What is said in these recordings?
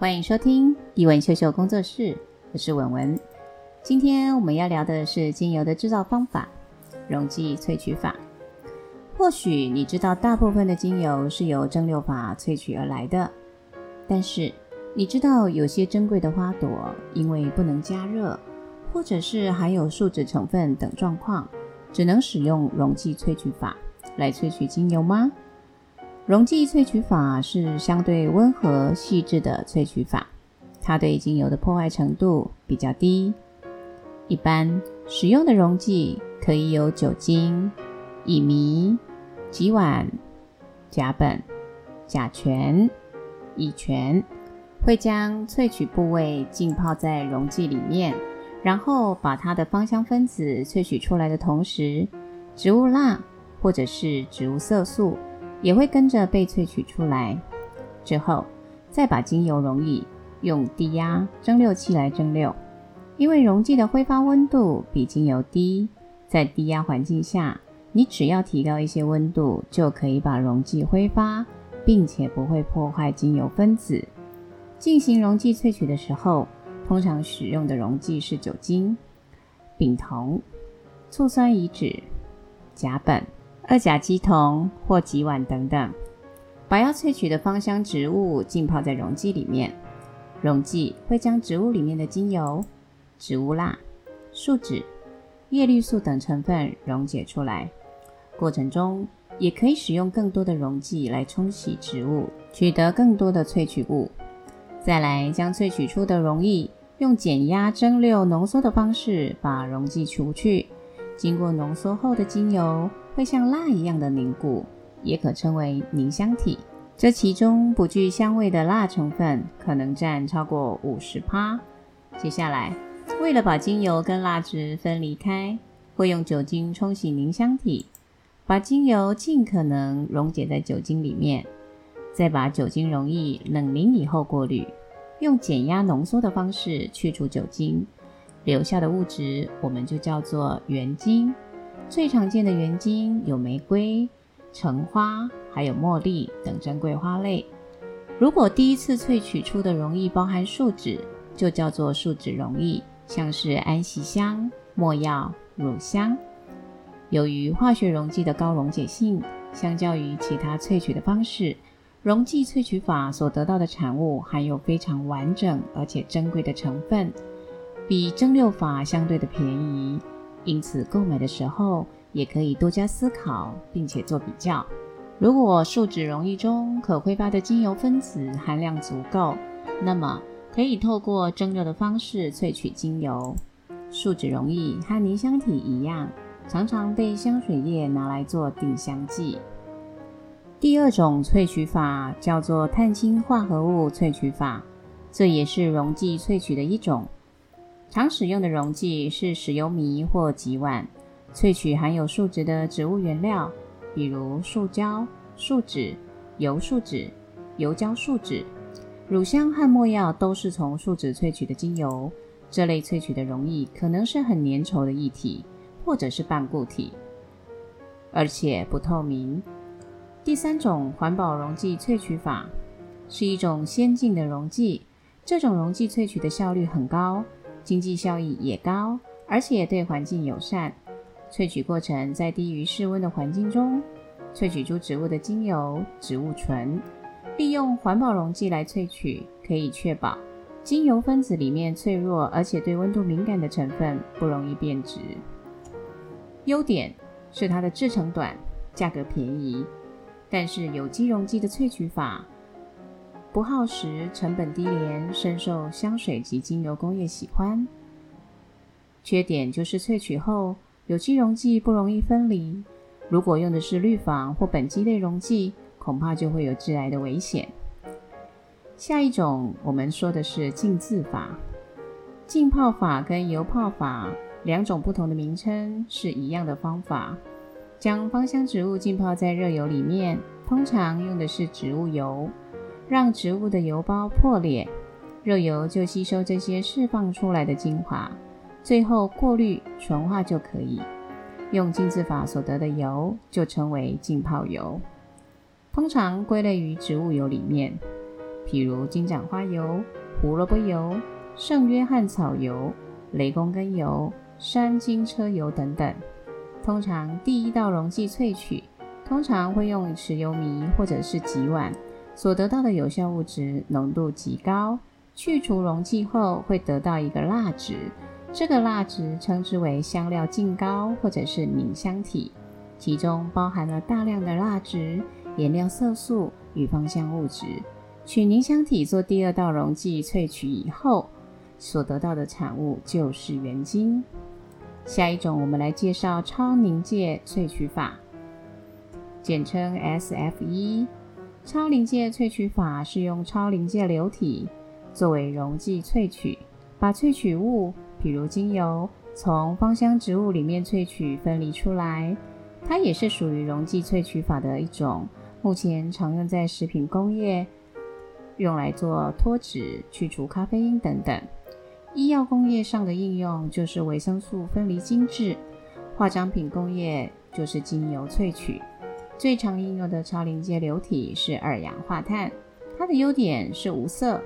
歡迎收聽一文秀秀工作室，我是文文。今天我們要聊的是精油的製造方法——溶劑萃取法。或許你知道大部分的精油是由蒸餾法萃取而來的，但是你知道有些珍貴的花朵因為不能加熱，或者是含有樹脂成分等狀況，只能使用溶劑萃取法來萃取精油嗎？溶劑萃取法是相對溫和、細緻的萃取法，它對精油的破壞程度比較低。一般使用的溶劑可以有酒精、乙醚、己烷、甲苯、甲醛、乙醛，會將萃取部位浸泡在溶劑裡面，然後把它的芳香分子萃取出來的同時，植物蠟或者是植物色素，也會跟着被萃取出來，之後再把精油溶液用低壓蒸餾器來蒸餾，因為溶劑的揮發溫度比精油低，在低壓環境下，你只要提高一些溫度，就可以把溶劑揮發，並且不會破壞精油分子。進行溶劑萃取的時候，通常使用的溶劑是酒精、丙酮、醋酸乙酯、甲苯。二甲基酮或己烷等等，把要萃取的芳香植物浸泡在溶劑裡面，溶劑會將植物裡面的精油、植物蠟、樹脂、葉綠素等成分溶解出來。過程中也可以使用更多的溶劑來沖洗植物，取得更多的萃取物。再來將萃取出的溶液用減壓蒸餾濃縮的方式把溶劑除去。經過濃縮後的精油會像蠟一樣的凝固，也可稱為凝香體。這其中不具香味的蠟成分可能占超過五十趴。接下來，為了把精油跟蠟質分離開，會用酒精沖洗凝香體，把精油盡可能溶解在酒精裡面，再把酒精溶液冷凝以後過濾，用減壓濃縮的方式去除酒精。留下的物質我們就叫做原精，最常見的原精有玫瑰、橙花，還有茉莉等珍貴花類。如果第一次萃取出的溶液包含樹脂，就叫做樹脂溶液，像是安息香、沒藥、乳香。由於化學溶劑的高溶解性，相較於其他萃取的方式，溶劑萃取法所得到的產物含有非常完整而且珍貴的成分。比蒸餾法相對的便宜，因此購買的時候也可以多加思考，並且做比較。如果樹脂溶液中可揮發的精油分子含量足夠，那麼可以透過蒸餾的方式萃取精油。樹脂溶液和凝香體一樣，常常被香水液拿來做定香劑。第二種萃取法叫做碳氫化合物萃取法，這也是溶劑萃取的一種。常使用的溶劑是石油醚、或己烷，萃取含有樹脂的植物原料，比如樹膠、樹脂、油樹脂、油膠樹脂。乳香和沒藥都是從樹脂萃取的精油。這類萃取的溶液可能是很粘稠的液體，或者是半固體，而且不透明。第三種環保溶劑萃取法是一種先進的溶劑，這種溶劑萃取的效率很高，經濟效益也高，而且對環境友善。萃取過程在低於室溫的環境中萃取出植物的精油、植物醇，利用環保溶劑來萃取，可以確保精油分子裡面脆弱而且對溫度敏感的成分不容易變質。優點是它的制程短，價格便宜。但是有機溶劑的萃取法。不耗時，成本低廉，深受香水及精油工業喜歡。缺點就是萃取後有機溶劑不容易分離，如果用的是氯仿或苯基類溶劑，恐怕就會有致癌的危險。下一種我們說的是浸漬法，浸泡法跟油泡法兩種不同的名稱是一樣的方法，將芳香植物浸泡在熱油裡面，通常用的是植物油。讓植物的油包破裂，熱油就吸收這些釋放出來的精華，最後過濾純化就可以。用浸漬法所得的油就稱為浸泡油，通常歸類於植物油裡面，譬如金盞花油、胡蘿蔔油、聖約翰草油、雷公根油、山金車油等等。通常第一道溶劑萃取，通常會用石油醚或者是己烷。所得到的有效物質濃度極高，去除溶劑後會得到一個蠟質，這個蠟質稱之為香料浸膏或者是凝香體，其中包含了大量的蠟質、顏料色素與芳香物質。取凝香體做第二道溶劑萃取以後，所得到的產物就是原精。下一種我們來介紹超臨界萃取法，簡稱 SFE。超臨界萃取法是用超臨界流體作為溶劑萃取，把萃取物，比如精油，從芳香植物裡面萃取分離出來。它也是屬於溶劑萃取法的一種，目前常用在食品工業，用來做脫脂、去除咖啡因等等。醫藥工業上的應用就是維生素分離精製，化妝品工業就是精油萃取。最常應用的超臨界流體是二氧化碳，它的優點是無色、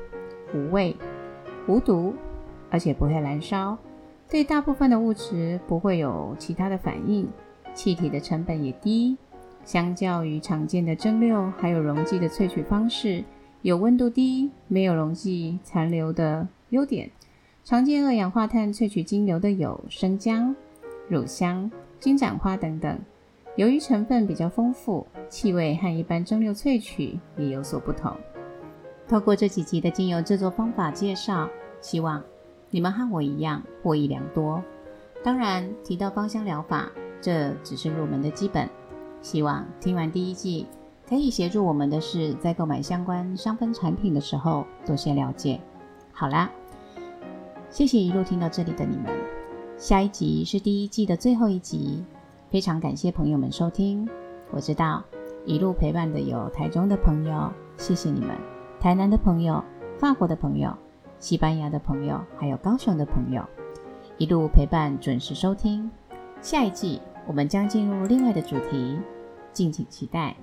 無味、無毒，而且不會燃燒，對大部分的物質不會有其他的反應，氣體的成本也低。相較於常見的蒸餾還有溶劑的萃取方式，有溫度低、沒有溶劑殘留的優點。常見二氧化碳萃取精油的有生薑、乳香、金盞花等等。由於成分比較豐富，氣味和一般蒸餾萃，萃取也有所不同。透過這幾集的精油制作方法介紹，希望你們和我一樣獲益良多。當然，提到芳香療法，這只是入門的基本。希望聽完第一季，可以協助我們的是在購買相關香氛產品的時候多些了解。好啦，謝謝一路聽到這裡的你們。下一集是第一季的最後一集。非常感謝朋友們收聽。我知道一路陪伴的有台中的朋友，謝謝你們；台南的朋友、法國的朋友、西班牙的朋友，還有高雄的朋友，一路陪伴準時收聽。下一季我們將進入另外的主題，敬請期待。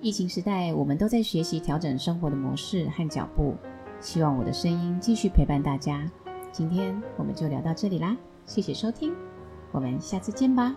疫情時代，我們都在學習調整生活的模式和腳步。希望我的聲音繼續陪伴大家。今天我們就聊到這裡啦，謝謝收聽，我們下次見吧。